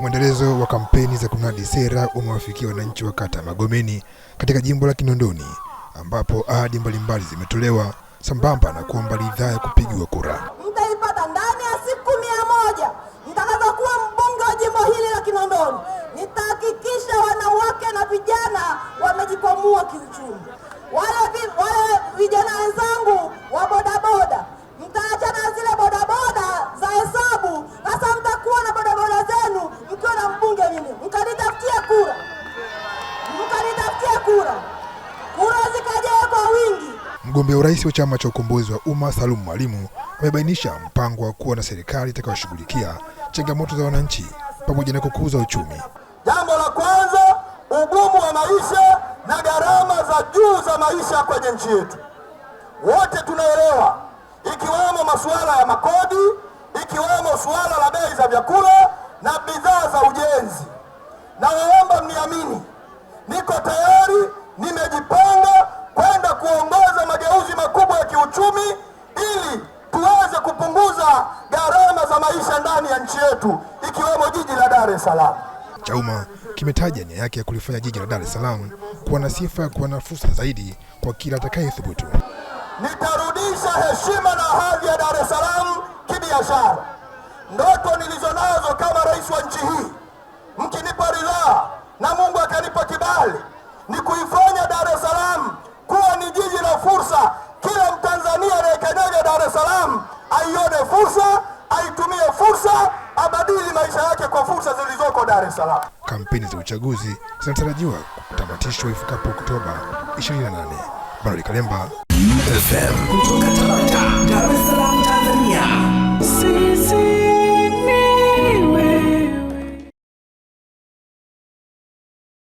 Mwendelezo wa kampeni za kunadi sera umewafikia wananchi wa kata Magomeni katika jimbo la Kinondoni ambapo ahadi mbalimbali zimetolewa sambamba na kuomba ridhaa ya kupigiwa kura. Mtaipata ndani ya siku mia moja nitakazokuwa mbunge wa jimbo hili la Kinondoni. Nitahakikisha wanawake na vijana wamejikwamua kiuchumi. mnataka Mkanitafutia kura, mkanitafutia kura, kura kwa wingi. Mgombea urais wa chama cha ukombozi wa umma Salum Mwalimu amebainisha mpango wa kuwa na serikali itakayoshughulikia changamoto za wananchi pamoja na kukuza uchumi. Jambo la kwanza, ugumu wa maisha na gharama za juu za maisha kwenye nchi yetu, wote tunaelewa, ikiwemo masuala ya makodi, ikiwemo suala la bei za vyakula na bidhaa za tayari nimejipanga kwenda kuongoza mageuzi makubwa ya kiuchumi ili tuweze kupunguza gharama za maisha ndani ya nchi yetu ikiwemo jiji la Dar es Salaam. Chauma kimetaja nia yake ya kulifanya jiji la Dar es Salaam kuwa na sifa ya kuwa na fursa zaidi kwa kila atakayethubutu. Nitarudisha heshima na hadhi ya Dar es Salaam kibiashara, ndoto nilizonazo kama rais wa nchi hii aione fursa, aitumie fursa, abadili maisha yake kwa fursa zilizoko Dar es Salaam. Kampeni za uchaguzi zinatarajiwa kutamatishwa ifikapo Oktoba 28. Baroli Kalemba FM kutoka